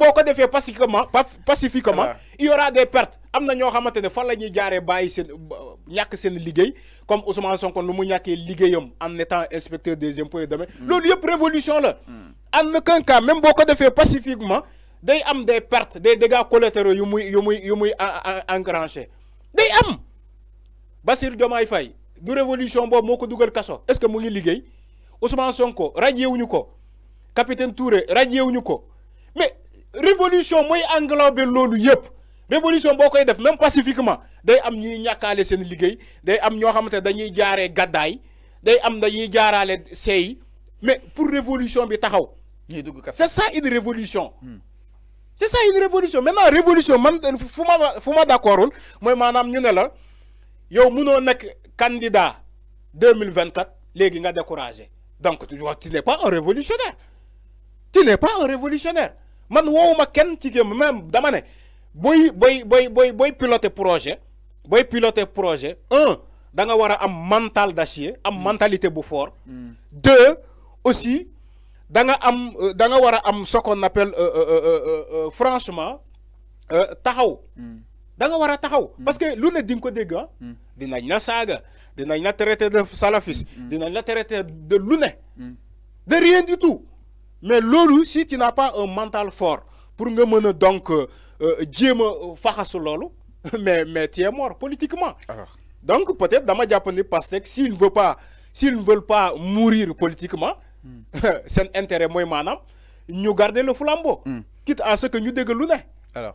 boko ko pacifiquement pacifiquement ah. il y aura des pertes amna na ñoo xamante ne fan la ñuy jaaree bàyyi seen liggéey comme Ousmane Sonko lu mu ñàkkee liggéeyam en étant inspecteur des impôts et domaines hmm. lolu yépp révolution la hmm. en aucun cas même boko de pacifiquement day am des pertes des dégâts collatéraux yu muy yu muy yu muy engranché day am Basir Diomaye Faye du révolution bob moko duggal kasso est-ce que mu ngi liggéey Ousmane Sonko radié wuñu ko capitaine Touré radié wuñu ko mais révolution moy englobé lolu yëpp révolution bokoy def même pacifiquement day am ñi ñàkkaale sen liguey day am ño xamanté dañuy jaaree gaday day am dañuy jaaraale sey mais pour révolution bi taxaw. c'est ça une révolution hmm. c'est ça une révolution maintenant révolution man fuma fuma Moi, ma d'accordul mooy ñu ne la yow mëno nek candidat 2024, légui nga découragé donc tu n'es pas un révolutionnaire tu n'es pas un révolutionnaire man même ne projet piloter projet un da nga mental d'acier am mm. mentalité bu fort mm. deux aussi da euh, ce qu'on appelle franchement taxaw parce que lu ne ko ah, mm. de de de rien du tout mais lolu, si tu n'as pas un mental fort pour que tu puisses donc euh, euh, jéem a mais mais tu es mort politiquement. donc peut-être dans ma japonais que s'il veut pas s'ils ne veulent pas mourir politiquement. c'est hmm. un intérêt maintenant, moi, nous garder le flambeau. Hmm. quitte à ce que nous dégueulons. alors.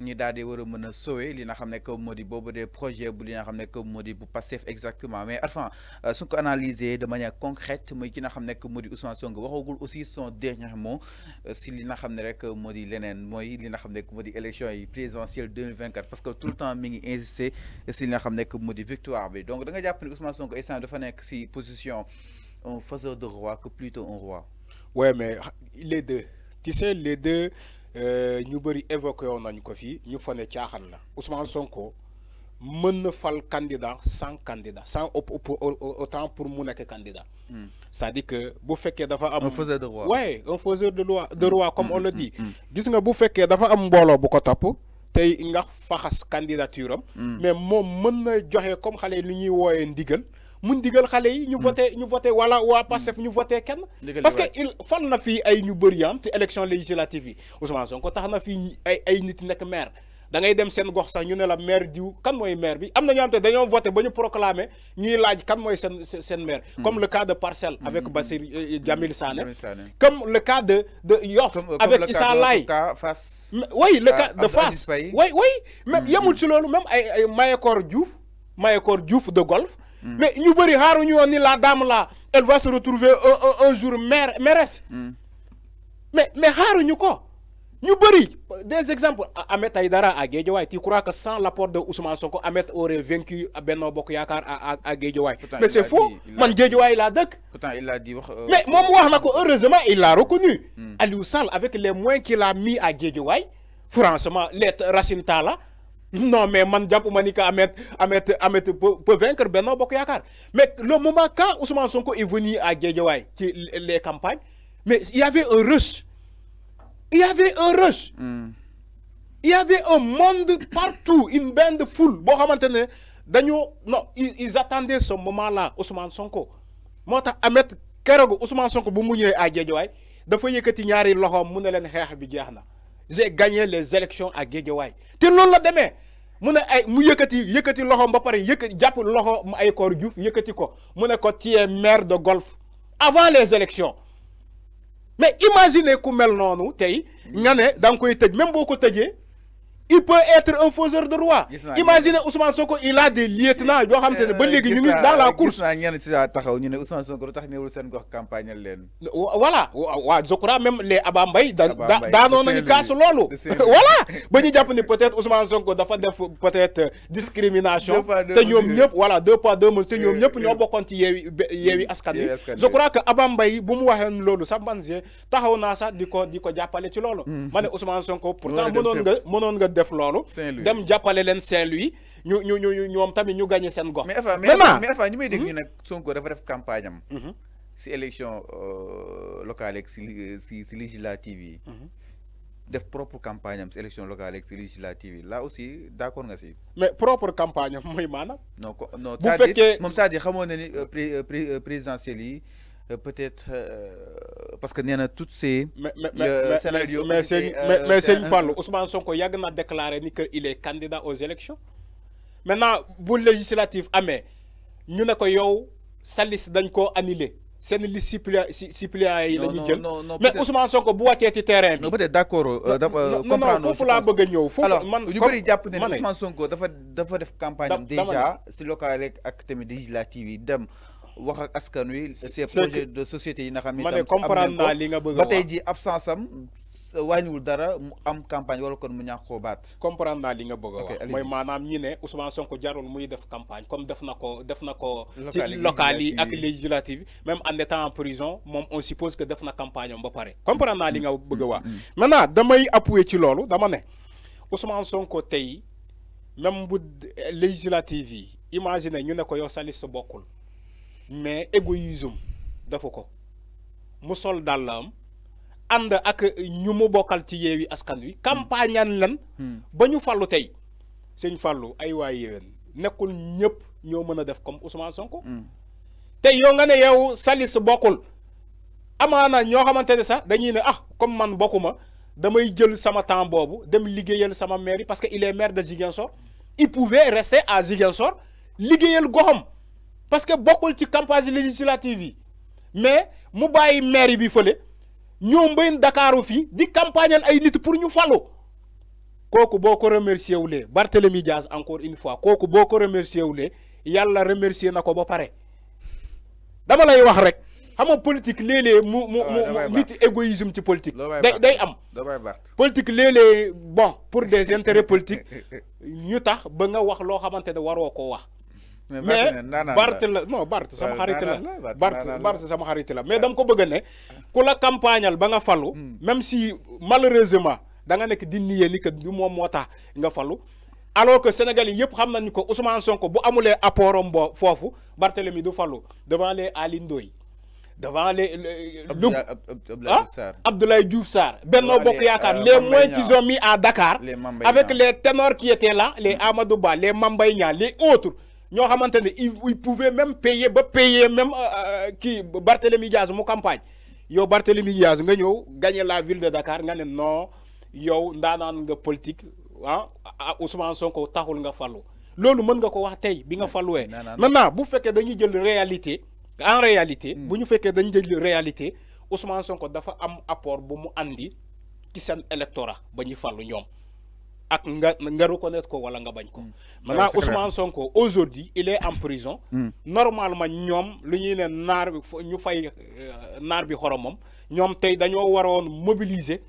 ni daal di war a sauver li nga xamné ne que moo des projets bu li nga xamné que bu exactement mais enfin euh, su ko analyser de manière concrète moy ki n'a xamné ne que moo Ousmane Sonko aussi son dernier mot euh, si li nga xamné rek modi lenen n'a li nga xamné que moo élection présidentielle 2024 parce que tout le temps mi ngi insister si li nga xamné que victoire bi donc da nga jàpp ne Ousmane Sonko de fa nek si position un faiseur de roi que plutôt un roi. ouais mais les deux tu sais les deux. Euh, ñu bëri évoqué woon nañu ko fii ñu fa ne caaxaan la Ousmane Sonko mën na fal candidat sans candidat sans autant pour mu nekk candidat. Hmm. c'est-à-dire que bu fekkee dafa am. un faiseur de loi. waaye un faiseur de loi de roi comme hmm, on le hmm, dit. gis nga bu fekkee dafa am mbooloo bu ko topp. tey nga faxas candidature am. mais moom mën na comme xale yi lu ñuy wooyee ndigal mun digal xale yi ñu hmm. voté ñu voté wala wa passef hmm. ñu voté kenn parce que il fal na fi ay ñu bëri am ci élection législative yi Ousmane Sonko tax na fii ay ay nit nekk maire da ngay dem sen gox sax ñu ne la maire diw kan moy maire bi amna ñu am té dañu dañoo voté ba ñu proclamé ñuy laaj kan moy sen sen maire hmm. comme le cas de parcelle avec Bassir euh, euh, Jamil Sané comme le cas de de Yoff euh, avec Issa Laye oui le ah, cas de face. oui oui même yemul ci lolu même ay ay Mayekor Diouf Mayekor Diouf de golf Mm. Mais nous avons la dame là, elle va se retrouver un, un, jour mère, mairesse. Mm. mais Mais, mais nous quoi Nous des exemples. Ahmed Aïdara à Guédiouaï, tu crois que sans l'apport de Ousmane Sonko, Ahmed aurait vaincu Benno Yakar à, à, Mais c'est faux. Man Guédiouaï l'a il a dit. Euh, mais moi, mm. heureusement, il l'a reconnu. Mm. Aliou avec les moyens qu'il a mis à Guédiouaï, franchement, les racines Tala, non, mais Mandjap ou Manika Amet Amet Amet pour vaincre vaincre Bernard Bokoyakar. Mais le moment quand Ousmane Sonko est venu à Guédiawaï, qui les campagnes, mais il y avait un rush. Il y avait un rush. Hmm. Il y avait un monde partout, une bande foule. Bon, maintenant, non, ils, attendaient ce moment-là, Ousmane Sonko. Moi, Ahmed Kerogo, Ousmane Sonko, vous mouillez à Guédiawaï, de fois que tu n'y arrives, l'homme, vous n'allez pas j'ai gagné les élections à Guédiawaye je la je veux ay mu je veux je je veux loxo ay koor que ko ko tu es maire de Golf avant les élections mais imaginez mel je ne koy même beaucoup de il peut être un faiseur de a eh, ngi dans loolu. voilà ba ñu jàpp ni peut Sonko dafa def peut discrimination. te ñoom ñëpp voilà deux poids deux mesures te ñoom bokkoon ci yeewi yeewi askan wi. je bu mu waxee loolu sax man taxaw naa sax di ko loolu. Hmm. ma ne Ousmane Sonko pourtant mënoon nga mënoon nga def lolu dem jappalé len Saint-Louis ñu ñu ñu ñom tamit ñu gagné sen gox. vraiment mais Alpha mais may dégg ñu hmm? nag Sonko dafa def campagne am. ci hmm? élection euh, locale ak ci si si législative yi. Hmm? def propre campagne am élection locale ak si législative là aussi d'accord nga si. mais propre campagne moy manam maanaam. non non bu fekkee moom c'est-à-dire xamoon ni euh, euh, présidentielle yi. Euh, peut-être euh, parce que nous avons toutes ces. mais mais mais une euh, Ousmane Sonko déclaré qu'il est candidat aux élections maintenant pour législative amé ñu ne ko sa liste dañ annulé liste suppléante. jël. mais Ousmane Sonko bu ci terrain bi. peut-être d'accord. comprendre faut bëgg alors ñu bari japp Ousmane Sonko dafa dafa def campagne déjà si local ak législative wax ak askan wi. de société absence campagne comprendre li nga bëgg wax. ne campagne comme def def même en étant en prison on suppose que def na campagne on ba comprendre naa li nga mm-hmm. bëgg a wax. Mm-hmm. maintenant damay appuyer ci dama ne Ousmane Sonko même bu législative imagine ñu ne ko yow mais égoïsme dafa ko mu sol am ànd ak ñu mu bokkal ci yeewi askan wi campagnaan lan hmm. ba ñu fallu tey sëñ fallu ay waay yéwén nekkul ñëpp ñoo mën a def comme Ousmane ko hmm. tey yow nga ne yow salis bokkul amaana ñoo xamante ne sax dañuy ne ah comme man bokkuma damay jël sama temps boobu dem liggéeyal sama maire yi parce que il est maire de Ziguinchor il pouvait rester à Ziguinchor liggéeyal goxam parce que bokkul ci campagne législative mais mu bàyyi maire bi fële ñoo mbéyum Dakaaru fii di campagnes ay nit pour ñu falu kooku boo ko remercié wulee Barthélemy Diaz encore une fois kooku boo ko remercié wulee yàlla remercié na ko ba pare dama lay wax rek xam politique léeg-léeg mu mu mu nit égoïsme ci politique day am politique léeg bon pour des intérêts politiques ñu tax ba nga wax loo xamante ne waroo ko wax mais Bart non Bart sama xarit la Bart Bart sama xarit la mais dama ko bëgg a ne ku la campagneal ba nga falu hmm. même si malheureusement da nga nek di nier ni que du moom moo nga falu alors que sénégalais yépp yëpp xam nañu ko Ousmane Sonko bu amulé apportam bo foofu Barthélemy du falu devant les Aly devant les Louga Abdoulaye Diouf Sar ah, Benno Bokk yakar euh, les moins qu'ils ont mis à Dakar avec les ténors qui étaient là les hmm. Amadou Ba les Mame les autres ils il pouvait même payer payer même qui euh, euh, Barthélemy Diaz mon campagne Yo Barthélemy Diaz nga gagné la ville de Dakar le non Yo gagné la politique ah, Ousmane Sonko taxul nga fallu loolu mën nga ko wax tay bi nga maintenant bu dañuy jël réalité en réalité. Hmm. bu ñu dañuy jël réalité Ousmane Sonko dafa am apport bu mu andi ci sen électorat ak nga nga reconnaître ko wala nga bañ ko hmm. maintenant Ousmane Sonko aujourd'hui il est en prison hmm. normalement ñom lu ñuy ne naar bi ñu fay euh, nar bi xoromam ñom tay dañoo waroon mobiliser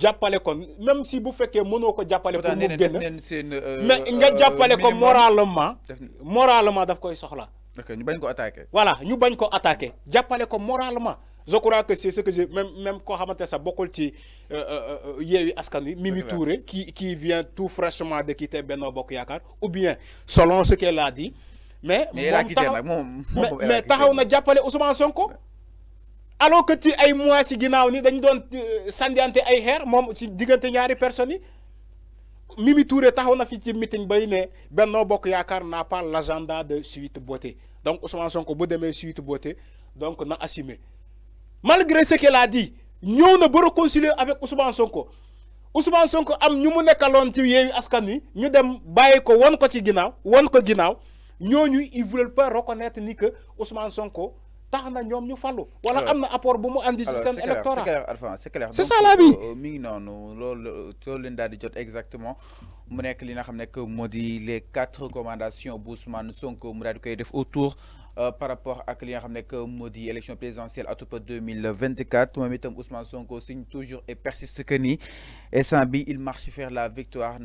jappalé ko même si bu féké mëno ko jappalé pour mu génn euh, mais nga euh, jappalé ko moralement moralement daf koy soxla ñu bañ ko attaquer voilà ñu bañ ko attaquer jappalé ko moralement je crois que c'est ce que j'ai même même koo xamante sax bokkul ci euh, euh, euh, yeewi askan wi Mimi Touré qui qui vient tout fraîchement de quitter Benno Bokk ou bien selon ce qu'elle a dit mais moom taxaw mais taxaw na jàppale Ousmane Sonko alors que tu ay moi si Guinée ni dañ doon sànniante ay xeer mon si diggante ñaari personne yi Mimi Touré on a fait ci meeting bay ne Benno Bokk n'a pas l'agenda de suite Beauté donc Ousmane Sonko bu mes suite Beauté donc na assumé malgré ce qu'elle a dit ne pouvons pas réconcilier avec Ousmane Sonko Ousmane Sonko am ñu mu nekkaloon ci yeewi askan ñu dem bàyyi ko won ko ci pas reconnaître ni que Ousmane Sonko wala apport c'est c'est ça la vie euh, exactement les quatre recommandations bu Ousmane Sonko autour euh, par rapport à ce que élection présidentielle à 2024 moom Ousmane Sonko signe toujours et persiste que ni sans bi il marche vers la victoire